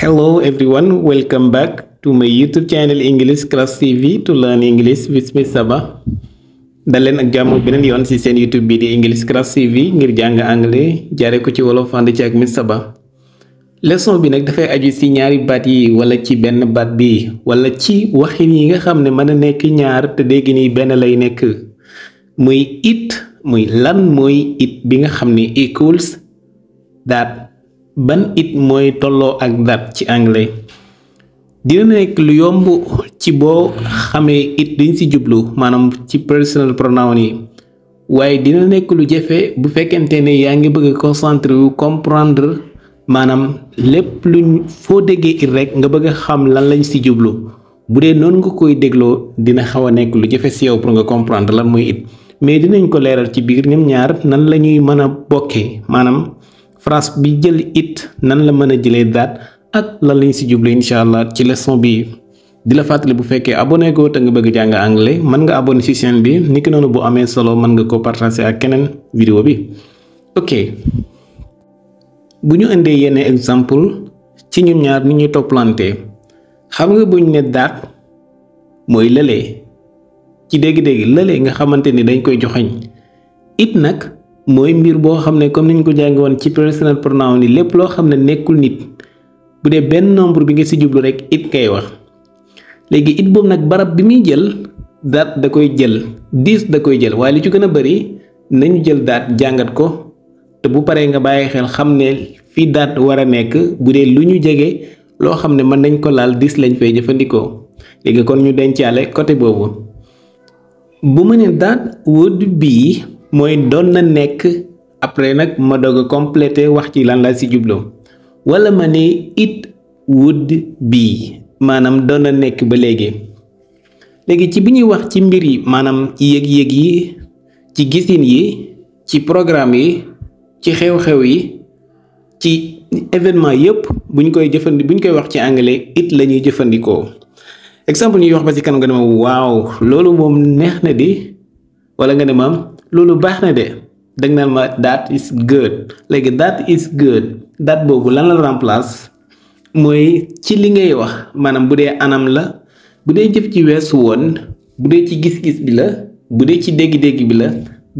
Hello everyone, welcome back to my YouTube channel English Class TV to learn English with me Saba. dal leen ak jàmm beneen yoon ci seen YouTube bi di English Class TV ngir jàng anglais jaare ko ci wolof ànd ci ak Miss ba leçon bi nag dafay aju ci ñaari baat yi wala ci benn baat bi wala ci waxin yi nga xam ne mën a nekk ñaar te dégg nii benn lay nekk muy it muy lan mooy it bi nga xam ne equals that ban it mooy tolloo ak dat ci anglais dina nekk lu yomb ci boo xamee it liñ ci jublu maanaam ci personal pronoun yi waaye dina nekk lu jafe bu fekkente ne yaa ngi bëgg concentré wu comprendre maanaam lépp luñ foo déggee it rek nga bëgg xam lan lañ ci jublu bu dee noonu nga koy dégloo dina xaw a nekk lu jafe si yow pour nga comprendre lan mooy it mais dinañ ko leeral ci biir ñoom ñaar nan la ñuy mën a bokkee maanaam. France bi jël it nan la mën a jëlee daat ak lan lañ si jublu incha allah ci leçon bi di la fàttali bu fekkee abone ko te nga bëgg jàng anglais mën nga abonné si chaîne bi niki noonu bu amee solo mën nga ko partager ak keneen vidéo bi ok bu ñu indee yenn exemple ci ñun ñaar ni ñuy toppalantee xam nga buñ ne daat mooy lële ci dégg-dégg lële nga xamante ni dañ koy joxeñ it nag mooy mbir boo xam ne comme niñ ko jàngi woon ci personal pronoun ni lépp loo xam ne nekkul nit bu dee benn nombre bi nga si jublu rek it kay wax léegi it boobu nag barab bi muy jël daat da koy jël diis da koy jël waaye li ci gën a bëri nañu jël daat jàngat ko te bu paree nga bàyyi xel xam ne fii daat war a nekk bu dee lu ñu jege loo xam ne mën nañ ko laal diis lañ fay jëfandikoo léegi kon ñu dencaale côté boobu bu ma daat would be mooy doon na nekk après nag ma doog a wax ci lan laa si jubloo wala ma ne it would be maanaam doon nekk ba léegi léegi ci bi ñuy wax ci mbir yi maanaam ci yëg-yëg yi ci gisin yi ci programme yi ci xew-xew yi ci événement yépp bu ñu koy jëfandi bu ñu koy wax ci anglais it lañuy jëfandikoo exemple ñuy wax ba ci kanam nga ne waaw loolu moom neex na di wala nga ne loolu baax na de dégg na ma that is good léegi that is good that boobu lan la remplace mooy ci li ngay wax maanaam bu dee anam la bu dee jëf ci weesu woon bu dee ci gis-gis bi la bu dee ci dégg-dégg bi la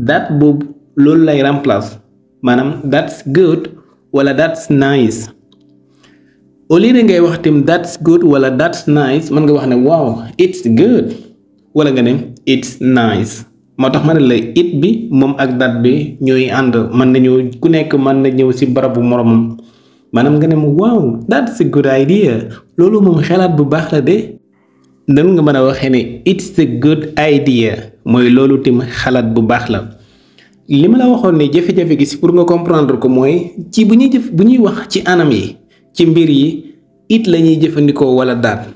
that boobu loolu lay remplace maanaam that's good wala that's nice au lieu ngay wax tamit that's good wala that's nice mën nga wax ne waaw it's good wala nga ne it's nice moo tax ma ne la it bi moom ak date bi ñooy ànd mën nañoo ku nekk mën na ñëw si barabu moroomam maanaam nga ne ma waaw that's a good idea loolu moom xalaat bu baax la de nan nga mën a waxee ne it's a good idea mooy loolu tim xalaat bu baax la li ma la waxoon ne jafe-jafe gi pour nga comprendre ko mooy ci bu ñuy jëf bu ñuy wax ci anam yi ci mbir yi it lañuy jëfandikoo wala daat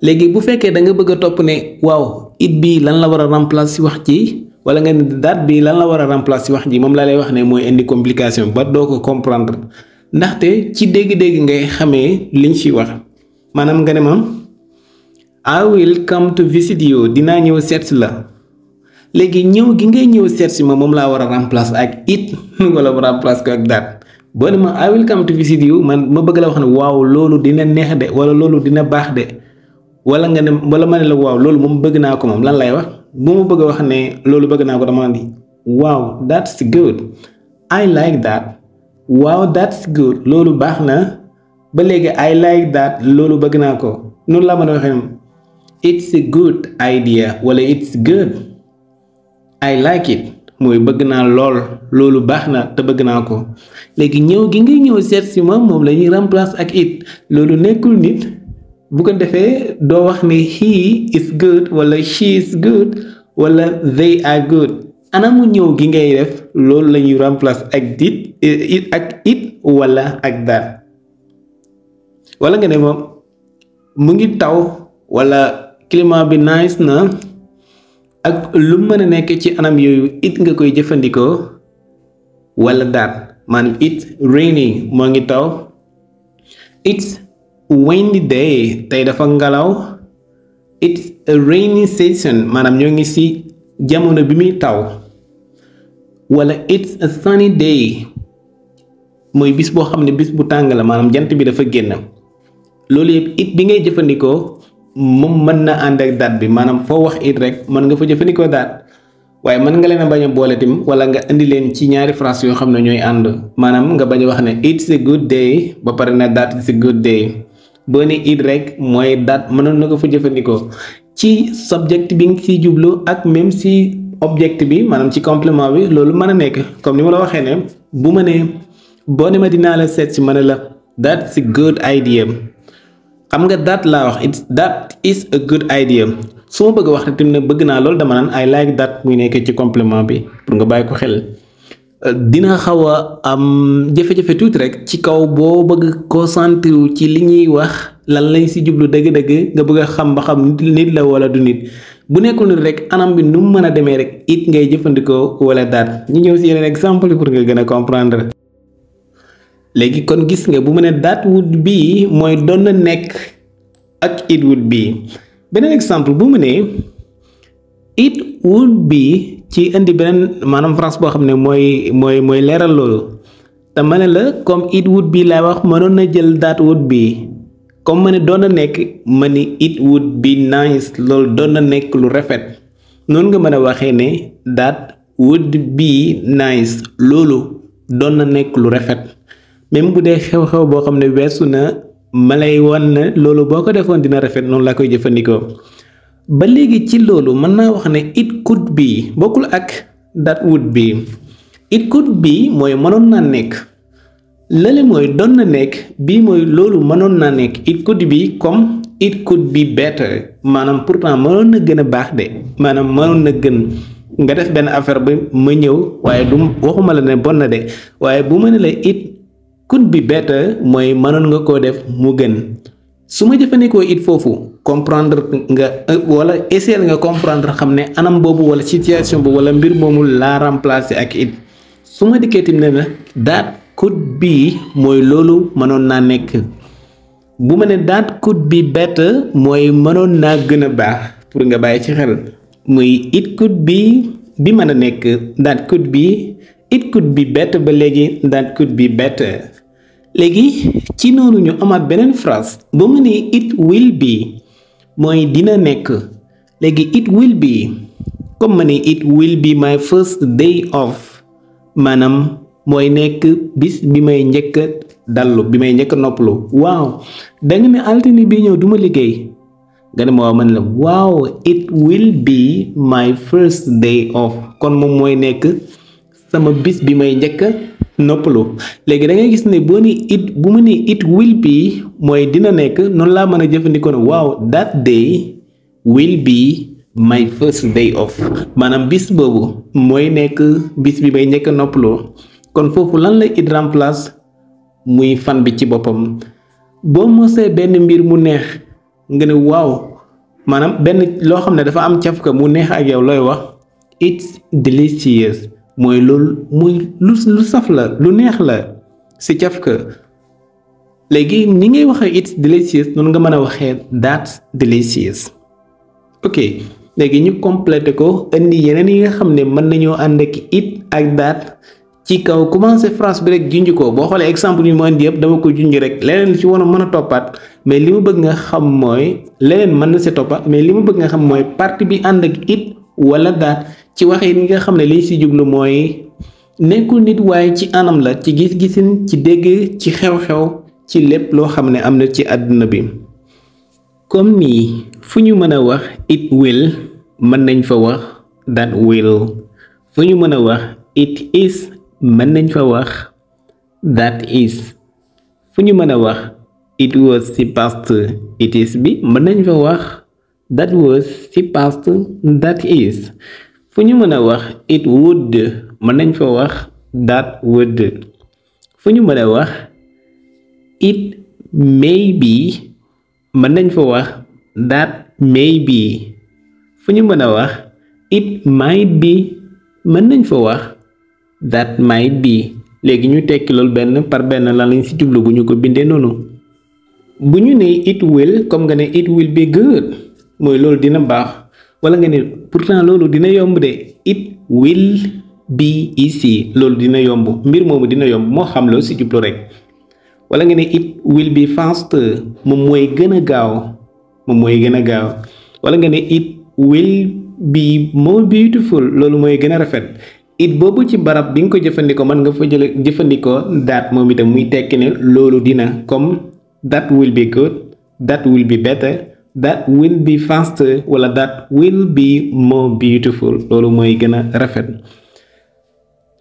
léegi bu fekkee da bëgg topp ne waaw it bii lan la war a remplacer ci wala nga ne daat bi lan la war a remplacer wax ji moom laa lay wax ne mooy indi complication ba doo ko comprendre ndaxte ci dégg-dégg ngay xamee liñ ci wax maanaam nga ne ma I will come visit you dinaa ñëw seets la léegi ñëw gi ngay ñëw seet si ma moom laa war a remplacer ak it wala mu remplacer ko ak date. boo ma I will come man ma bëgg la wax ne waaw loolu dina neex de wala loolu dina baax de wala nga ne wala ma ne la waaw loolu moom bëgg naa ko moom lan lay wax bu mu bëgg a wax ne loolu bëgg naa ko dama di waaw that's good I like that waaw that's good loolu baax na ba léegi I like that loolu bëgg naa ko noonu laa mën a waxee it's a good idea wala it's good I like it mooy bëgg naa lool loolu baax na te bëgg naa ko léegi ñëw gi ngay ñëw seet si ma moom la ñuy remplace ak it loolu nekkul nit. bu ko defee doo wax ni he is good wala she is good wala they are good anamu ñëw gi ngay def loolu la ñuy remplace ak it ak it wala ak that wala nga ne moom mu ngi taw wala climat bi nice na ak lu mën a nekk ci anam yooyu it nga koy jëfandikoo wala that maanaam it raining moo ngi taw it windy day tey dafa ngelaw it's a rainy season maanaam ñoo ngi ci jamono bi muy taw wala it's a sunny day mooy bis boo xam ne bis bu tàng la maanaam jant bi dafa génn loolu yëpp it bi ngay jëfandikoo moom mën na ànd ak daat bi maanaam foo wax it rek mën nga fa jëfandikoo daat waaye mën nga leen a bañ a boole tamit wala nga indi leen ci ñaari phrase yoo xam ne ñooy ànd maanaam nga bañ a wax ne it's a good day ba pare na that is a good day boo ne it rek mooy date mënoon na ko fa jëfandikoo ci subject bi nga siy jublu ak même si object bi maanaam ci complement bi loolu mën a nekk comme ni ma la waxee ne bu ma nee boo ne ma dinaa la seet si ma ne la that's a good idea xam nga that laa wax it that is a good idea su ma bëgg wax ne tamit ne bëgg naa loolu dama naan I like that muy nekk ci complement bi pour nga bàyyi ko xel. dina xaw a am jafe-jafe tuuti rek ci kaw boo bëgg concentré wu ci li ñuy wax lan lañ si jublu dëgg-dëgg nga bëgg a xam ba xam nit la wala du nit bu nekkul nit rek anam bi nu mu mën a demee rek it ngay jëfandikoo wala daat ñu ñëw si yeneen exemple pour nga gën a comprendre. léegi kon gis nga bu ma ne that would be mooy doon na nekk ak it would be beneen exemple bu mu ne it would be ci indi beneen maanaam phrase boo xam ne mooy mooy mooy leeral loolu te ma ne la comme it would be laa wax mënoon na jël that would be comme ma ne doon na nekk ma ni it wut be nice loolu doon na nekk lu rafet noonu nga mën a waxee ne that would be nice loolu doon na nekk lu rafet même bu dee xew-xew boo xam ne weesu na ma lay wan ne loolu boo ko defoon dina rafet noonu laa koy jëfandikoo ba léegi ci loolu mën naa wax ne it could be bokkul ak that would it could be mooy mënoon naa nekk lale mooy doon na nekk bii mooy loolu mënoon naa nekk it could bi comme it could bi better maanaam pourtant mënoon na gën a baax de maanaam mënoon na gën nga def benn affaire bi ma ñëw waaye du waxuma la ne bon na de waaye bu ma la it could be better mooy mënoon nga koo def mu gën su ma jëfandikoo it foofu comprendre nga euh, wala essayer nga comprendre xam ne anam boobu wala situation bi wala mbir moomu laa remplacer ak it su ma dikkee tamit ne na that could be mooy loolu mënoon naa nekk bu ma ne that could be better mooy mënoon naa gën a baax pour nga bàyyi ci xel muy it could be bi mën a nekk that could bi it could be better ba léegi that could bi better léegi ci noonu ñu amaat beneen phrase ba mu ne it will be mooy dina nekk léegi it will be comme ma ne it will be my first day off maanaam mooy nekk bis bi may njëkk dallu bi may njëkk noppalu waaw da ne altine bi ñëw duma liggéey nga ne ma waaw man la waaw it will be my first day off kon moom mooy nekk sama bis bi may njëkk noppalu léegi da ngay gis ne boo ni it bu ma ni it will be mooy dina nekk noonu laa mën a jëfandikoo ne waaw that day will be may first day off maanaam bis boobu mooy nekk bis bi may njëkk noppaloo kon foofu lan la it remplace muy fan bi ci boppam boo mosee benn mbir mu neex nga ne waaw maanaam benn loo xam ne dafa am cafka mu neex ak yow looy wax it's delicious mooy loolu muy lu lu saf la lu neex la si caf ka léegi ni ngay waxee it's delicious noonu nga mën a waxee that's delicious ok léegi ñu complété ko indi yeneen yi nga xam ne mën nañoo ànd ak it ak that ci kaw commencé phrase bi rek junj ko boo xoolee exemple yi mu indi yëpp dama ko junj rek leneen ci waroon mën a toppaat mais li mu bëgg nga xam mooy leneen mën na si toppaat mais li mu bëgg nga xam mooy partie bi ànd ak it wala that ci waxin yi nga xam ne liñ si jublu mooy nekkul nit waaye ci anam la ci gis-gisin ci dégg ci xew-xew ci lépp loo xam ne am na ci àdduna bi comme nii fu ñu mën a wax it will mën nañ fa wax that will fu ñu mën a wax it is mën nañ fa wax that fu ñu mën a wax it was ci past it is bi mën nañ fa wax that was ci past that is fu ñu mën a wax it would mën nañ fa wax that would fu mën a wax it maybe mën nañ fa wax that maybe bi ñu mën a wax it might be mën nañ fa wax that might be léegi ñu tekki loolu benn par benn lan ci jublu bu ñu ko bindee noonu bu ñu nee it will comme nga ne it will be good mooy loolu dina baax wala nga ne pourtant loolu dina yomb de it will bi easy loolu dina yomb mbir moomu dina yomb moo xam loo si jublu rek wala nga ne it will be fast moom mooy gën a gaaw moom mooy gën a gaaw wala nga ne it will be more beautiful loolu mooy gën a rafet it boobu ci barab bi nga ko jëfandikoo mën nga fa jële jëfandikoo that moom itam muy tekki ne loolu dina comme that will bi good that will be better that will be faster wala that will be more beautiful loolu mooy gën a rafet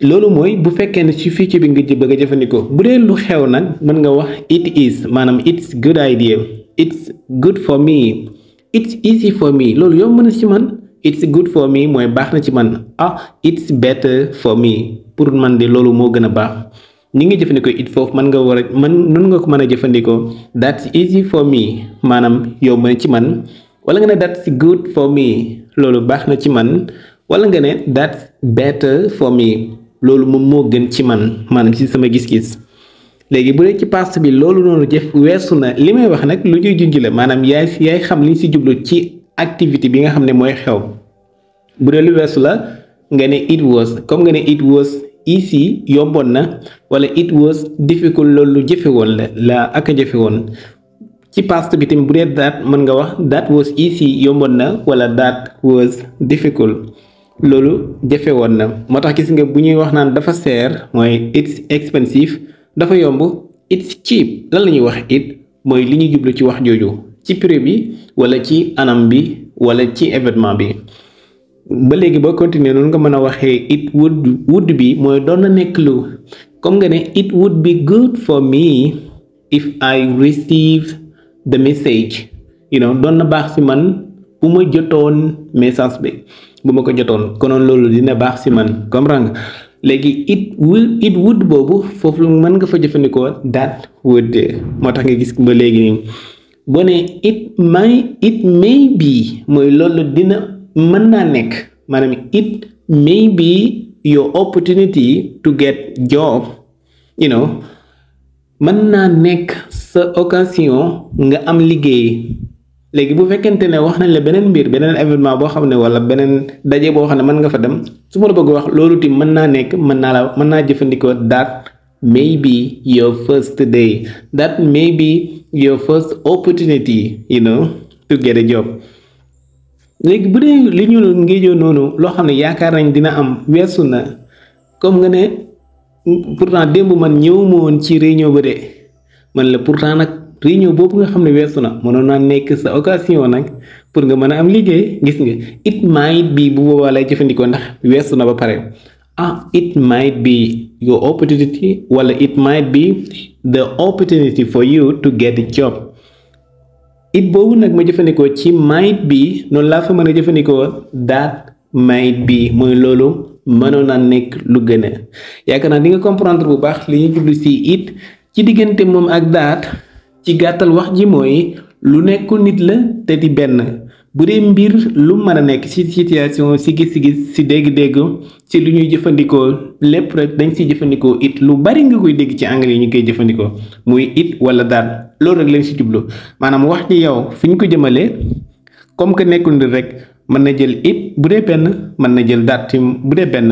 loolu mooy bu fekkee ne ci fii ci bi nga bëgg a jëfandikoo bu dee lu xew nag mën nga wax it is maanaam it's good idea it's good for me it's easy for me loolu yomb na ci man it's good for me mooy baax na ci man ah it's better for me pour man de loolu moo gën a baax ñi ngi jëfandikoo it foofu man nga war man mën nun nga ko mën a jëfandikoo that's easy for me maanaam yomb na ci man wala nga ne that's good for me loolu baax na ci man wala nga ne that's better for me loolu moom moo gën ci man maanaam ci sama gis-gis léegi bu dee ci past bi loolu noonu jëf weesu na li may wax nag lu ñuy junj la maanaam yaay yaay xam liñ si jublu ci activité bi nga xam ne mooy xew bu dee lu weesu la nga ne it was comme nga ne it was ici yomboon na wala it was difficult loolu jëfe woon la la ak jëfe woon ci past bi bu dee that mën nga wax that was easy yomboon na wala that was difficult loolu jëfe woon na moo tax gis nga bu ñuy wax naan dafa seer mooy it's expensive dafa yomb it's ci lan la ñuy wax it mooy li ñuy jublu ci wax jooju ci prix bi wala ci anam bi wala ci événement bi ba léegi boo continuer noonu nga mën a waxee it would would bi mooy doon na nekk lu comme nga ne it would be good for me if I receive the message you doon na baax ci man bu ma jotoon message bi bu ma ko jotoon konoon loolu dina baax ci man comme comprendre léegi it will it would boobu foofu mën nga fa jëfandikoo that would moo tax nga gis ba léegi nii boo it may it may be mooy loolu dina mën naa nekk maanaam it may be your opportunity to get job you know mën naa nekk sa occasion nga am liggéey léegi bu fekkente ne wax nañ la beneen mbir beneen événement boo xam ne wala beneen daje boo xam ne mën nga fa dem su ma la bëgg wax loolu ti mën naa nekk mën naa la mën naa jëfandikoo that may be your first day that may be your first opportunity you know to get a job léegi bu dee li ñu ngéejoo noonu loo xam ne yaakaar nañ dina am weesu na comme nga ne pourtant démb man ñëwuma woon ci réunion ba de man la pourtant nag réunion boobu nga xam ne weesu na mënoon naa nekk sa occasion nag pour nga mën a am liggéey gis nga it might be bu boobaa lay jëfandikoo ndax weesu na ba pare ah it might bi your opportunity wala it might bi the opportunity for you to get job it boobu nag ma jëfandikoo ci mayit be noonu laa fa mën a jëfandikoo daat mayit be mooy loolu mënoon naa nekk lu gëna a yaakaar naa di nga comprendre bu baax li ñu jublu si it ci diggante moom ak daat ci gàttal wax ji mooy lu nekkul nit la te di benn bu dee mbir lu mën a nekk ci situation si gis si dégg-dégg ci lu ñuy jëfandikoo lépp rek dañ siy jëfandikoo it lu bari nga koy dégg ci anglais yi ñu koy jëfandikoo muy it wala daat loolu rek lañ si jublu maanaam wax ci yow fi ñu ko jëmalee comme que nekkul ni rek mën na jël it bu dee benn mën na jël daat bu dee benn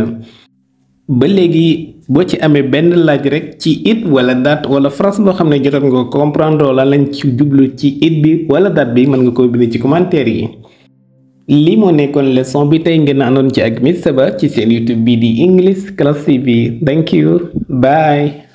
ba léegi boo ci amee benn laaj rek ci it wala date wala phrase boo xam ne jotoon nga comprendre la lañ ci jublu ci it bi wala date bi mën nga koo bind ci commentaire yi lii moo nekkoon leçon bi tey ngeen àndoon ci ak Miss ba ci seen YouTube bi di English Class TV thank you bye